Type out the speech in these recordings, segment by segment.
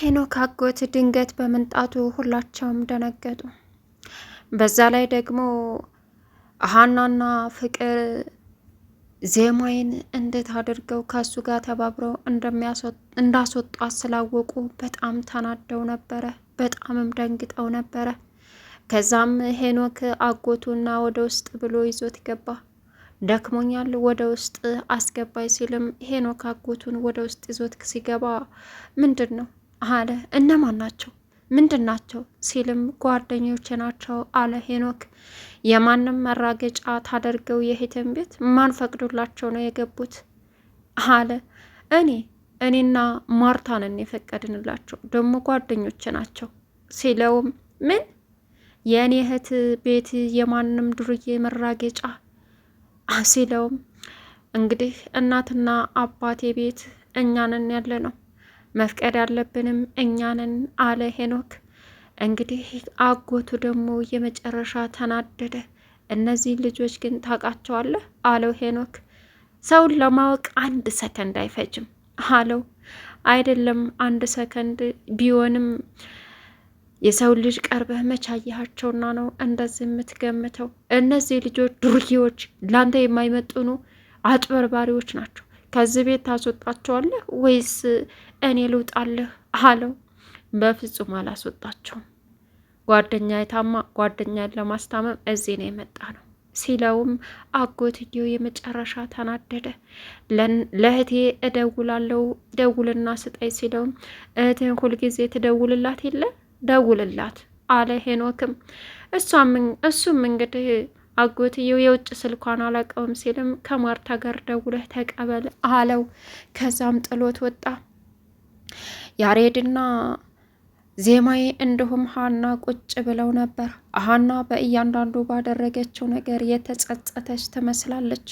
የሄኖክ አጎት ድንገት በመምጣቱ ሁላቸውም ደነገጡ። በዛ ላይ ደግሞ ሀናና ፍቅር ዜማይን እንዴት አድርገው ከሱ ጋር ተባብረው እንዳስወጧት ስላወቁ በጣም ተናደው ነበረ። በጣምም ደንግጠው ነበረ። ከዛም ሄኖክ አጎቱና ወደ ውስጥ ብሎ ይዞት ገባ። ደክሞኛል ወደ ውስጥ አስገባይ ሲልም ሄኖክ አጎቱን ወደ ውስጥ ይዞት ሲገባ ምንድን ነው አለ። እነማን ናቸው? ምንድን ናቸው? ሲልም ጓደኞች ናቸው አለ ሄኖክ። የማንም መራገጫ ታደርገው የሄትን ቤት ማን ፈቅዶላቸው ነው የገቡት? አለ እኔ እኔና ማርታንን የፈቀድንላቸው ደግሞ ጓደኞች ናቸው ሲለውም ምን የእኔ እህት ቤት የማንም ዱርዬ መራገጫ ሲለውም እንግዲህ እናትና አባቴ ቤት እኛንን ያለ ነው መፍቀድ ያለብንም እኛንን አለ ሄኖክ። እንግዲህ አጎቱ ደግሞ የመጨረሻ ተናደደ። እነዚህን ልጆች ግን ታውቃቸዋለህ አለው ሄኖክ። ሰውን ለማወቅ አንድ ሰከንድ አይፈጅም አለው። አይደለም አንድ ሰከንድ ቢሆንም የሰው ልጅ ቀርበህ መቻያቸውና ነው እንደዚህ የምትገምተው። እነዚህ ልጆች ዱርዬዎች፣ ላንተ የማይመጥኑ አጭበርባሪዎች ናቸው። ከዚህ ቤት ታስወጣቸዋለህ ወይስ እኔ ልውጣልህ አለው። በፍጹም አላስወጣቸውም። ጓደኛ የታማ ጓደኛን ለማስታመም እዚህ ነው የመጣ ነው ሲለውም አጎትየው የመጨረሻ ተናደደ። ለእህቴ እደውላለው ደውልና ስጠይ ሲለውም እህትን ሁልጊዜ ትደውልላት የለ ደውልላት አለ ሄኖክም። እሱም እንግዲህ አጎትየው የውጭ ስልኳን አላውቀውም ሲልም ከማርታ ጋር ደውለህ ተቀበል አለው። ከዛም ጥሎት ወጣ። ያሬድና ዜማዬ እንዲሁም ሀና ቁጭ ብለው ነበር። ሀና በእያንዳንዱ ባደረገችው ነገር የተጸጸተች ትመስላለች።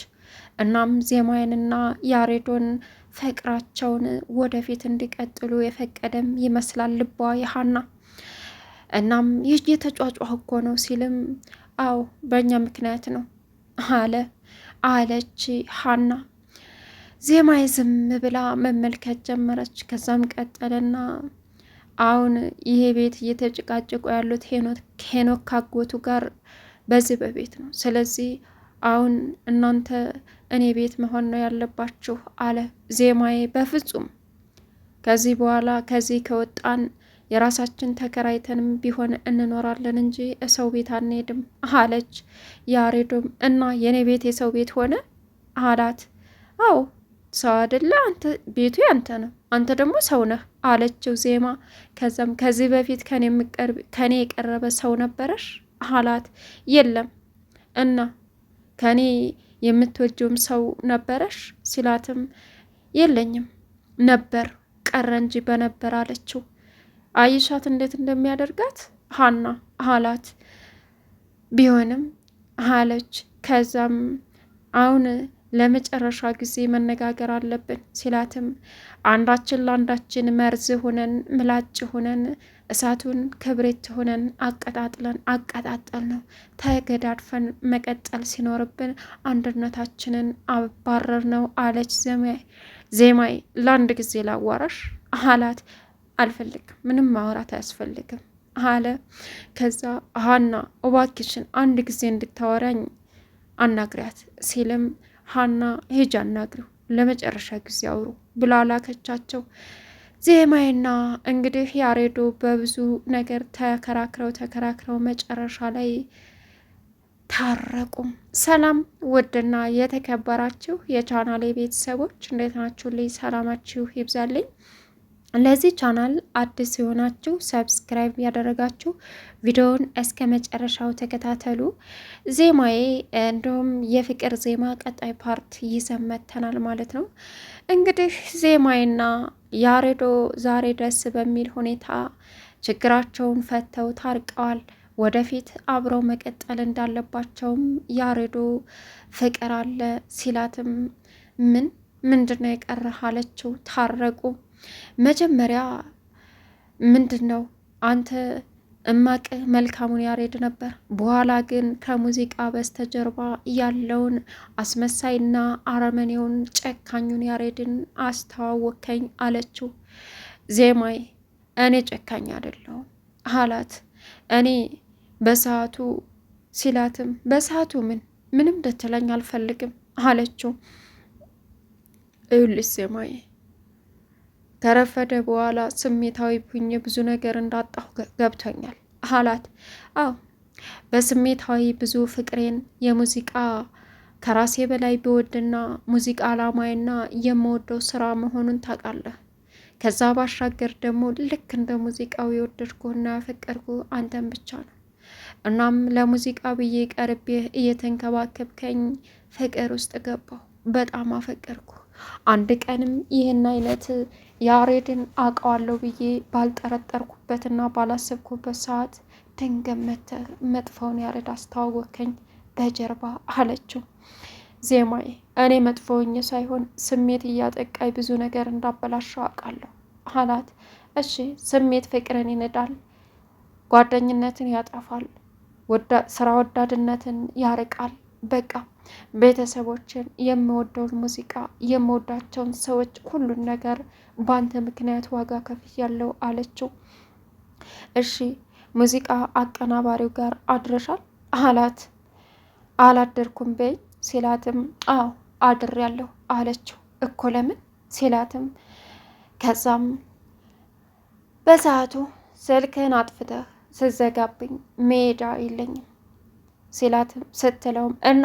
እናም ዜማዬንና ያሬዶን ፍቅራቸውን ወደፊት እንዲቀጥሉ የፈቀደም ይመስላል ልቧ የሀና። እናም ይህ የተጫጫ እኮ ነው ሲልም አዎ በእኛ ምክንያት ነው አለ አለች ሀና ዜማዬ ዝም ብላ መመልከት ጀመረች። ከዛም ቀጠለና አሁን ይሄ ቤት እየተጨቃጨቁ ያሉት ሄኖክ ካጎቱ ጋር በዚህ በቤት ነው። ስለዚህ አሁን እናንተ እኔ ቤት መሆን ነው ያለባችሁ አለ ዜማዬ። በፍጹም ከዚህ በኋላ ከዚህ ከወጣን የራሳችን ተከራይተንም ቢሆን እንኖራለን እንጂ ሰው ቤት አንሄድም አለች። ያሬዶም እና የእኔ ቤት የሰው ቤት ሆነ አላት። አዎ ሰው አደለ አንተ፣ ቤቱ ያንተ ነው፣ አንተ ደግሞ ሰው ነህ አለችው ዜማ። ከዛም ከዚህ በፊት ከኔ የቀረበ ሰው ነበረሽ አላት። የለም እና ከኔ የምትወጂውም ሰው ነበረሽ ሲላትም የለኝም ነበር ቀረ እንጂ በነበር አለችው። አይሻት እንዴት እንደሚያደርጋት ሀና አላት። ቢሆንም አለች። ከዛም አሁን ለመጨረሻ ጊዜ መነጋገር አለብን ሲላትም አንዳችን ለአንዳችን መርዝ ሆነን ምላጭ ሆነን እሳቱን ክብሪት ሆነን አቀጣጥለን አቀጣጠል ነው ተገዳድፈን መቀጠል ሲኖርብን አንድነታችንን አባረር ነው አለች ዜማይ ለአንድ ጊዜ ላዋራሽ አላት። አልፈልግም፣ ምንም ማውራት አያስፈልግም አለ። ከዛ ሀና እባክሽን አንድ ጊዜ እንድታወራኝ አናግሪያት ሲልም ሀና ሂጂ አናግሪው፣ ለመጨረሻ ጊዜ አውሩ ብላ ላከቻቸው። ዜማዬና እንግዲህ ያሬዶ በብዙ ነገር ተከራክረው ተከራክረው መጨረሻ ላይ ታረቁም። ሰላም ውድና የተከበራችሁ የቻናሌ ቤተሰቦች እንዴት ናችሁ? ልይ ሰላማችሁ ይብዛልኝ። ለዚህ ቻናል አዲስ የሆናችሁ ሰብስክራይብ ያደረጋችሁ ቪዲዮውን እስከ መጨረሻው ተከታተሉ። ዜማዬ እንዲሁም የፍቅር ዜማ ቀጣይ ፓርት ይሰመተናል ማለት ነው። እንግዲህ ዜማዬና ያሬዶ ዛሬ ደስ በሚል ሁኔታ ችግራቸውን ፈተው ታርቀዋል። ወደፊት አብረው መቀጠል እንዳለባቸውም ያሬዶ ፍቅር አለ ሲላትም ምን ምንድነው የቀረህ አለችው። ታረቁ መጀመሪያ ምንድን ነው አንተ እማቅህ መልካሙን ያሬድ ነበር። በኋላ ግን ከሙዚቃ በስተጀርባ ያለውን አስመሳይና አረመኔውን ጨካኙን ያሬድን አስተዋወከኝ አለችው። ዜማይ እኔ ጨካኝ አይደለሁም አላት። እኔ በሰዓቱ ሲላትም በሰዓቱ ምን ምንም ደትለኝ አልፈልግም አለችው። እዩልሽ ዜማዬ ከረፈደ በኋላ ስሜታዊ ቡኝ ብዙ ነገር እንዳጣሁ ገብቶኛል አላት። አዎ በስሜታዊ ብዙ ፍቅሬን የሙዚቃ ከራሴ በላይ ብወድና ሙዚቃ አላማዬና የምወደው ስራ መሆኑን ታውቃለህ። ከዛ ባሻገር ደግሞ ልክ እንደ ሙዚቃው የወደድኩና ያፈቀድኩ አንተን ብቻ ነው። እናም ለሙዚቃ ብዬ ቀርቤ እየተንከባከብከኝ ፍቅር ውስጥ ገባሁ። በጣም አፈቀርኩ። አንድ ቀንም ይህን አይነት ያሬድን አውቀዋለሁ ብዬ ባልጠረጠርኩበትና ባላሰብኩበት ሰዓት ድንገት መጥተህ መጥፎውን ያሬድ አስተዋወከኝ በጀርባ አለችው። ዜማዬ እኔ መጥፎኝ ሳይሆን ስሜት እያጠቃይ ብዙ ነገር እንዳበላሸው አውቃለሁ አላት። እሺ ስሜት ፍቅርን ይንዳል፣ ጓደኝነትን ያጠፋል፣ ስራ ወዳድነትን ያርቃል በቃ ቤተሰቦችን፣ የምወደውን ሙዚቃ፣ የምወዳቸውን ሰዎች፣ ሁሉን ነገር በአንተ ምክንያት ዋጋ ከፍዬ ያለው አለችው። እሺ ሙዚቃ አቀናባሪው ጋር አድረሻል አላት። አላደርኩም በይ ሲላትም አዎ ያለሁ አለችው። እኮ ለምን ሲላትም ከዛም በሰዓቱ ስልክህን አጥፍተህ ስዘጋብኝ መሄጃ የለኝም ሲላት ስትለውም እና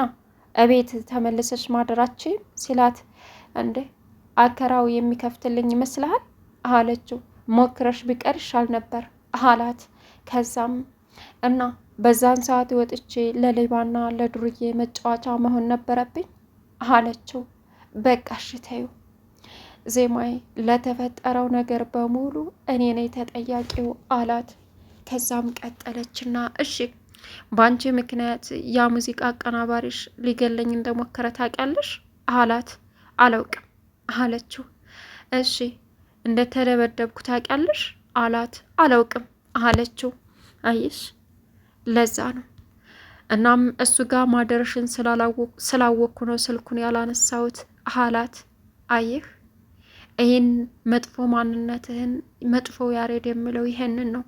እቤት ተመልሰች ማደራችን ሲላት እንዴ አከራው የሚከፍትልኝ ይመስልሃል አለችው። ሞክረሽ ቢቀር ይሻል ነበር አላት። ከዛም እና በዛን ሰዓት ወጥቼ ለሌባና ለዱርዬ መጫወቻ መሆን ነበረብኝ አለችው። በቃ እሺ ዜማዬ፣ ለተፈጠረው ነገር በሙሉ እኔ ነኝ ተጠያቂው አላት። ከዛም ቀጠለችና እሺ በአንቺ ምክንያት ያ ሙዚቃ አቀናባሪሽ ሊገለኝ እንደሞከረ ታውቂያለሽ? አላት። አላውቅም አለችው። እሺ እንደተደበደብኩ ታውቂያለሽ? አላት። አላውቅም አለችው። አይሽ ለዛ ነው እናም እሱ ጋር ማደረሽን ስላወቅኩ ነው ስልኩን ያላነሳሁት አላት። አየህ ይህን መጥፎ ማንነትህን መጥፎ ያሬድ የምለው ይሄንን ነው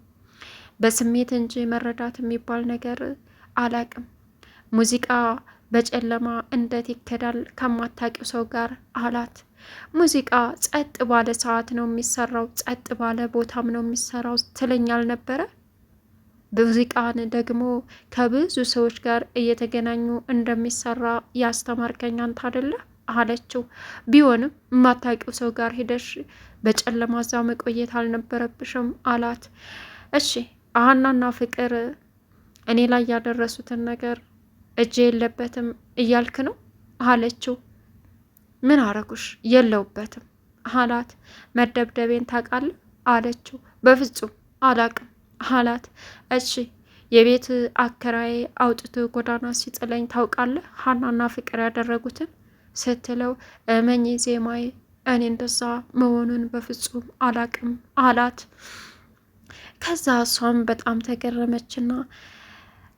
በስሜት እንጂ መረዳት የሚባል ነገር አላቅም። ሙዚቃ በጨለማ እንዴት ይከዳል ከማታውቂው ሰው ጋር አላት። ሙዚቃ ጸጥ ባለ ሰዓት ነው የሚሰራው፣ ጸጥ ባለ ቦታም ነው የሚሰራው ትለኛል ነበረ። ሙዚቃን ደግሞ ከብዙ ሰዎች ጋር እየተገናኙ እንደሚሰራ ያስተማርከኝ አንተ አይደለ አለችው። ቢሆንም የማታውቂው ሰው ጋር ሄደሽ በጨለማ እዛ መቆየት አልነበረብሽም አላት። እሺ አሀናና ፍቅር እኔ ላይ ያደረሱትን ነገር እጄ የለበትም እያልክ ነው አለችው። ምን አረጉሽ? የለውበትም አላት። መደብደቤን ታውቃለህ አለችው። በፍጹም አላቅም አላት። እሺ የቤት አከራይ አውጥቶ ጎዳና ሲጥለኝ ታውቃለ ሀናና ፍቅር ያደረጉትን ስትለው፣ እመኝ ዜማዬ፣ እኔ እንደዛ መሆኑን በፍጹም አላቅም አላት። ከዛ እሷም በጣም ተገረመችና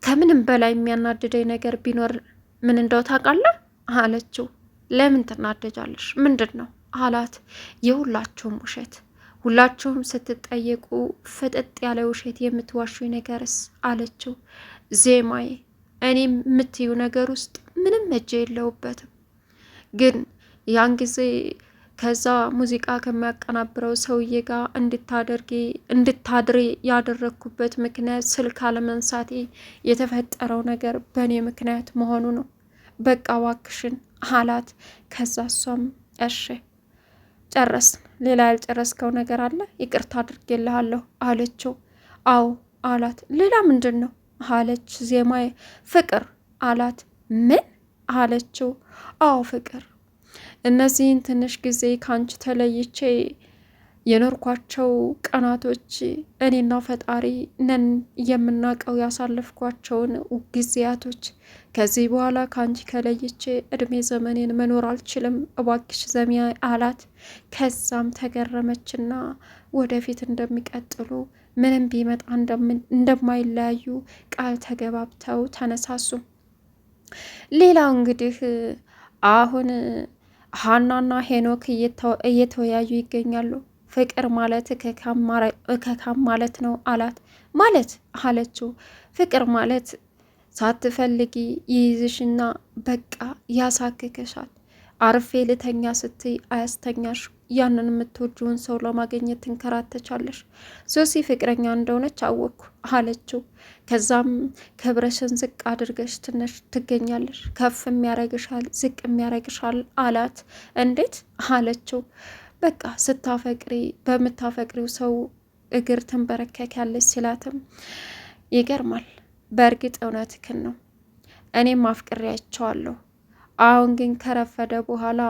ከምንም በላይ የሚያናድደኝ ነገር ቢኖር ምን እንደው ታውቃለህ አለችው። ለምን ትናደጃለሽ? ምንድን ነው አላት። የሁላችሁም ውሸት ሁላችሁም ስትጠየቁ ፈጠጥ ያለ ውሸት የምትዋሹኝ ነገርስ አለችው። ዜማዬ እኔ የምትዩ ነገር ውስጥ ምንም እጄ የለውበትም፣ ግን ያን ጊዜ ከዛ ሙዚቃ ከሚያቀናብረው ሰውዬ ጋር እንድታደርጊ እንድታድሪ ያደረግኩበት ምክንያት ስልክ አለመንሳቴ የተፈጠረው ነገር በእኔ ምክንያት መሆኑ ነው። በቃ ዋክሽን አላት። ከዛ እሷም እሺ ጨረስ ሌላ ያልጨረስከው ነገር አለ? ይቅርታ አድርጌልሃለሁ አለችው። አዎ አላት። ሌላ ምንድን ነው አለች። ዜማዬ ፍቅር አላት። ምን አለችው? አዎ ፍቅር እነዚህን ትንሽ ጊዜ ከአንቺ ተለይቼ የኖርኳቸው ቀናቶች እኔና ፈጣሪ ነን የምናውቀው ያሳለፍኳቸውን ጊዜያቶች። ከዚህ በኋላ ከአንቺ ከለይቼ እድሜ ዘመኔን መኖር አልችልም እባክሽ ዘሚያ አላት። ከዛም ተገረመችና ወደፊት እንደሚቀጥሉ ምንም ቢመጣ እንደማይለያዩ ቃል ተገባብተው ተነሳሱ። ሌላው እንግዲህ አሁን ሀናና ሄኖክ እየተወያዩ ይገኛሉ። ፍቅር ማለት እከካም ማለት ነው አላት። ማለት አለችው። ፍቅር ማለት ሳትፈልጊ ይይዝሽና በቃ ያሳክከሻል። አርፌ ልተኛ ስትይ አያስተኛሽ። ያንን የምትወጂውን ሰው ለማግኘት ትንከራተቻለሽ። ሶሲ ፍቅረኛ እንደሆነች አወቅኩ አለችው። ከዛም ክብረሽን ዝቅ አድርገሽ ትንሽ ትገኛለሽ፣ ከፍ የሚያረግሻል፣ ዝቅ የሚያረግሻል አላት። እንዴት አለችው። በቃ ስታፈቅሪ በምታፈቅሪው ሰው እግር ትንበረከክ ያለች ሲላትም ይገርማል። በእርግጥ እውነትክን ነው፣ እኔም አፍቅሬያቸዋለሁ። አሁን ግን ከረፈደ በኋላ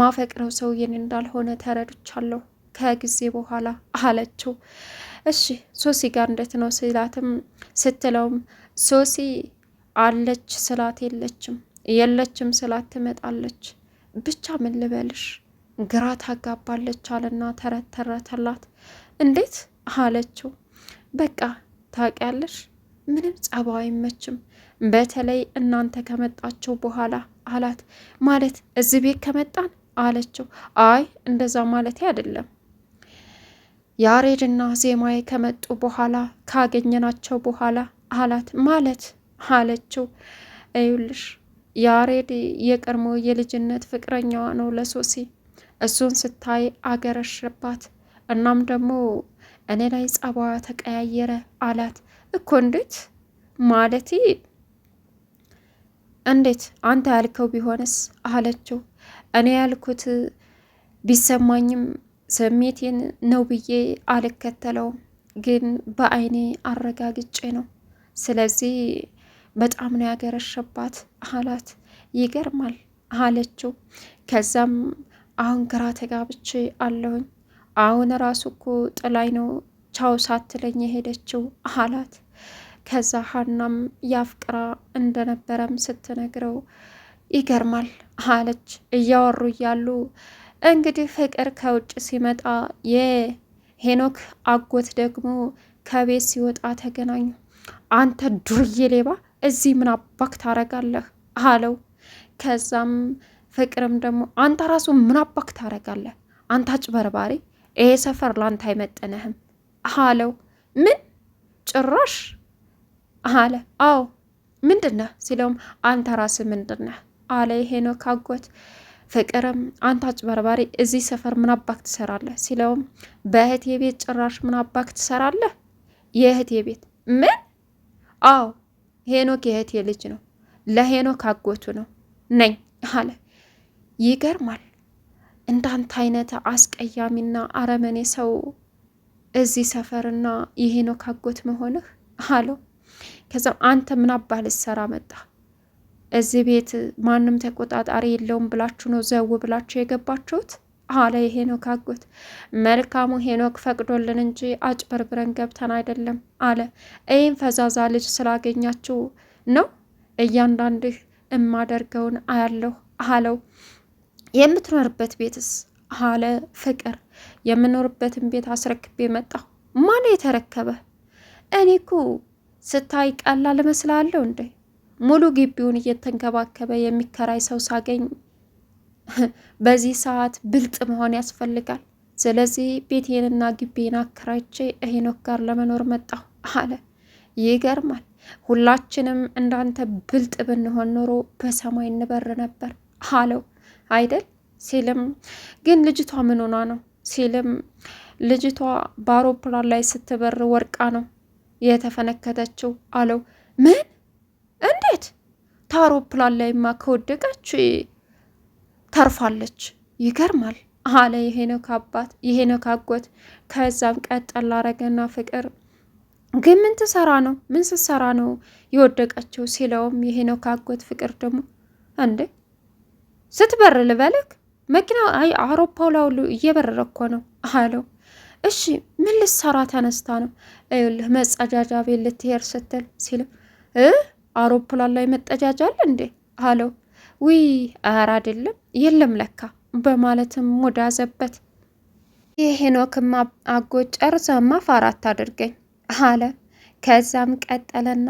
ማፈቅረው ሰውዬን እንዳልሆነ ተረድቻለሁ ከጊዜ በኋላ አለችው። እሺ ሶሲ ጋር እንዴት ነው ስላትም ስትለውም ሶሲ አለች ስላት የለችም የለችም ስላት ትመጣለች ብቻ ምን ልበልሽ ግራ ታጋባለች አለና ተረት ተረተላት። እንዴት አለችው። በቃ ታውቂያለሽ ምንም ጸባ አይመችም፣ በተለይ እናንተ ከመጣችሁ በኋላ አላት። ማለት እዚህ ቤት ከመጣን አለችው። አይ እንደዛ ማለት አይደለም ያሬድና ዜማዬ ከመጡ በኋላ ካገኘናቸው በኋላ አላት። ማለት አለችው። እዩልሽ ያሬድ የቀድሞ የልጅነት ፍቅረኛዋ ነው ለሶሲ። እሱን ስታይ አገረሽባት። እናም ደግሞ እኔ ላይ ጸባዋ ተቀያየረ አላት። እኮ እንዴት ማለቴ እንዴት አንተ ያልከው ቢሆንስ አለችው። እኔ ያልኩት ቢሰማኝም ስሜቴን ነው ብዬ አልከተለውም፣ ግን በአይኔ አረጋግጬ ነው። ስለዚህ በጣም ነው ያገረሸባት አላት። ይገርማል አለችው። ከዛም አሁን ግራ ተጋብቼ አለሁኝ። አሁን ራሱ እኮ ጥላይ ነው ቻው ሳትለኝ የሄደችው አላት። ከዛ ሀናም ያፍቅራ እንደነበረም ስትነግረው ይገርማል አለች። እያወሩ እያሉ እንግዲህ ፍቅር ከውጭ ሲመጣ የሄኖክ አጎት ደግሞ ከቤት ሲወጣ ተገናኙ። አንተ ዱርዬ ሌባ እዚህ ምን አባክ ታረጋለህ አለው። ከዛም ፍቅርም ደግሞ አንተ ራሱ ምን አባክ ታረጋለህ አንተ አጭበርባሪ፣ ይሄ ሰፈር ላንተ አይመጠነህም አለው። ምን ጭራሽ አለ። አዎ ምንድነህ ሲለውም አንተ ራስህ ምንድነህ አለ ሄኖክ አጎት ፍቅርም አንተ አጭበርባሪ እዚህ ሰፈር ምናባክ ትሰራለህ ሲለውም በእህቴ ቤት ጭራሽ ምናባክ ትሰራለህ? የእህቴ ቤት ምን? አዎ ሄኖክ የህት የልጅ ነው፣ ለሄኖክ አጎቱ ነው ነኝ አለ። ይገርማል። እንዳንተ አይነት አስቀያሚና አረመኔ ሰው እዚህ ሰፈርና የሄኖክ አጎት መሆንህ አለው። ከዛም አንተ ምን ልትሰራ መጣ እዚህ ቤት ማንም ተቆጣጣሪ የለውም ብላችሁ ነው ዘው ብላችሁ የገባችሁት አለ የሄኖክ አጎት። መልካሙ ሄኖክ ፈቅዶልን እንጂ አጭበርብረን ገብተን አይደለም አለ። ይህን ፈዛዛ ልጅ ስላገኛችሁ ነው እያንዳንድህ እማደርገውን አያለሁ አለው። የምትኖርበት ቤትስ አለ ፍቅር። የምኖርበትን ቤት አስረክቤ መጣሁ። ማን የተረከበ? እኔ እኮ ስታይ ቀላል እመስላለሁ እንዴ? ሙሉ ግቢውን እየተንከባከበ የሚከራይ ሰው ሳገኝ በዚህ ሰዓት ብልጥ መሆን ያስፈልጋል። ስለዚህ ቤቴንና ግቢን አከራይቼ ሄኖክ ጋር ለመኖር መጣሁ አለ። ይገርማል። ሁላችንም እንዳንተ ብልጥ ብንሆን ኖሮ በሰማይ እንበር ነበር አለው አይደል ሲልም፣ ግን ልጅቷ ምን ነው ሲልም፣ ልጅቷ በአውሮፕላን ላይ ስትበር ወርቃ ነው የተፈነከተችው አለው። ምን እንዴት ታውሮፕላን ላይማ ከወደቀች ተርፋለች። ይገርማል አለ የሄኖክ አባት የሄኖክ አጎት። ከዛም ቀጠል አረገና ፍቅር ግን ምን ትሰራ ነው ምን ስትሰራ ነው የወደቀችው ሲለውም የሄኖክ አጎት ፍቅር ደግሞ እንዴ ስትበር ልበልክ መኪና አይ አውሮፓው ላውሉ እየበረረ እኮ ነው አለው። እሺ ምን ልትሰራ ተነስታ ነው? ይኸውልህ መጸዳጃ ቤት ልትሄድ ስትል ሲልም አውሮፕላን ላይ መጠጃጃል እንዴ አለው። ውይ አር አይደለም የለም ለካ በማለትም ሙድ አዘበት። የሄኖክም አጎት ጨርሰማ ፋራት አድርገኝ አለ። ከዛም ቀጠለና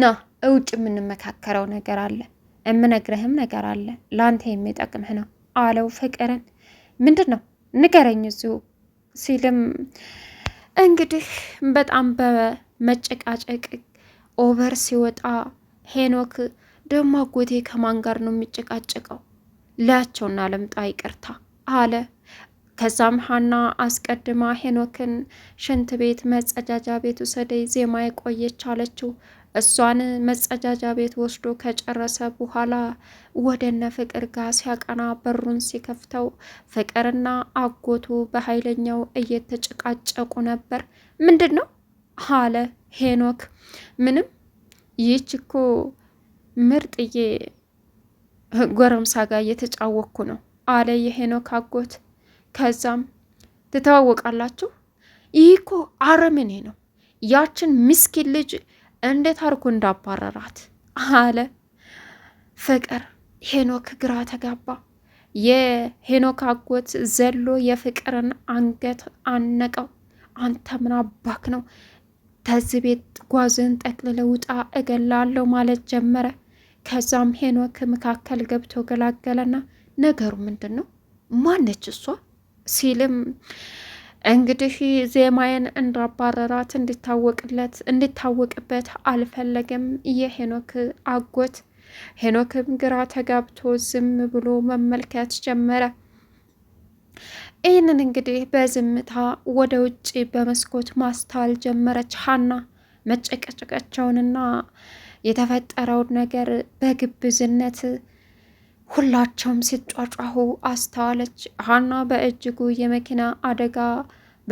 ና እውጭ የምንመካከረው ነገር አለ፣ የምነግረህም ነገር አለ፣ ለአንተ የሚጠቅምህ ነው አለው። ፍቅርን ምንድን ነው ንገረኝ እዚሁ ሲልም እንግዲህ በጣም በመጨቃጨቅ ኦቨር ሲወጣ ሄኖክ ደሞ አጎቴ ከማን ጋር ነው የሚጨቃጨቀው? ላያቸውና ለምጣ ይቅርታ አለ። ከዛም ሀና አስቀድማ ሄኖክን ሽንት ቤት መጸዳጃ ቤት ውሰደኝ ዜማ የቆየች አለችው። እሷን መጸዳጃ ቤት ወስዶ ከጨረሰ በኋላ ወደነ ፍቅር ጋር ሲያቀና በሩን ሲከፍተው ፍቅርና አጎቱ በኃይለኛው እየተጨቃጨቁ ነበር። ምንድን ነው አለ ሄኖክ ምንም ይህች እኮ ምርጥዬ ጎረምሳ ጋር እየተጫወኩ ነው አለ የሄኖክ አጎት። ከዛም ትተዋወቃላችሁ? ይህ እኮ አረመኔ ነው። ያችን ምስኪን ልጅ እንዴት አርጎ እንዳባረራት አለ ፍቅር። ሄኖክ ግራ ተጋባ። የሄኖክ አጎት ዘሎ የፍቅርን አንገት አነቀው። አንተ ምን አባክ ነው ተዚ ቤት ጓዝን ጠቅልለ ውጣ እገላለሁ ማለት ጀመረ። ከዛም ሄኖክ መካከል ገብቶ ገላገለና ነገሩ ምንድን ነው? ማነች እሷ ሲልም እንግዲህ ዜማዬን እንዳባረራት እንድታወቅለት እንድታወቅበት አልፈለገም የሄኖክ አጎት። ሄኖክም ግራ ተጋብቶ ዝም ብሎ መመልከት ጀመረ። ይህንን እንግዲህ በዝምታ ወደ ውጭ በመስኮት ማስተዋል ጀመረች ሀና መጨቀጨቀቸውንና የተፈጠረውን ነገር በግብዝነት ሁላቸውም ሲጫጫሁ አስተዋለች። ሀና በእጅጉ የመኪና አደጋ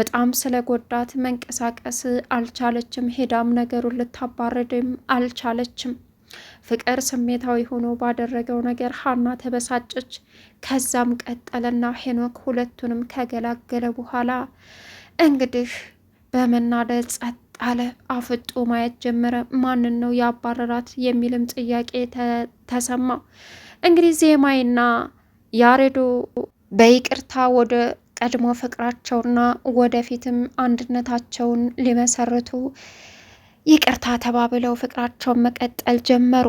በጣም ስለጎዳት መንቀሳቀስ አልቻለችም። ሄዳም ነገሩን ልታባረድም አልቻለችም። ፍቅር ስሜታዊ ሆኖ ባደረገው ነገር ሀና ተበሳጨች። ከዛም ቀጠለና ሄኖክ ሁለቱንም ከገላገለ በኋላ እንግዲህ በመናደድ ጸጥ አለ። አፍጦ ማየት ጀመረ። ማንን ነው ያባረራት የሚልም ጥያቄ ተሰማ። እንግዲህ ዜማይና ያሬዶ በይቅርታ ወደ ቀድሞ ፍቅራቸውና ወደፊትም አንድነታቸውን ሊመሰርቱ ይቅርታ ተባብለው ፍቅራቸውን መቀጠል ጀመሩ።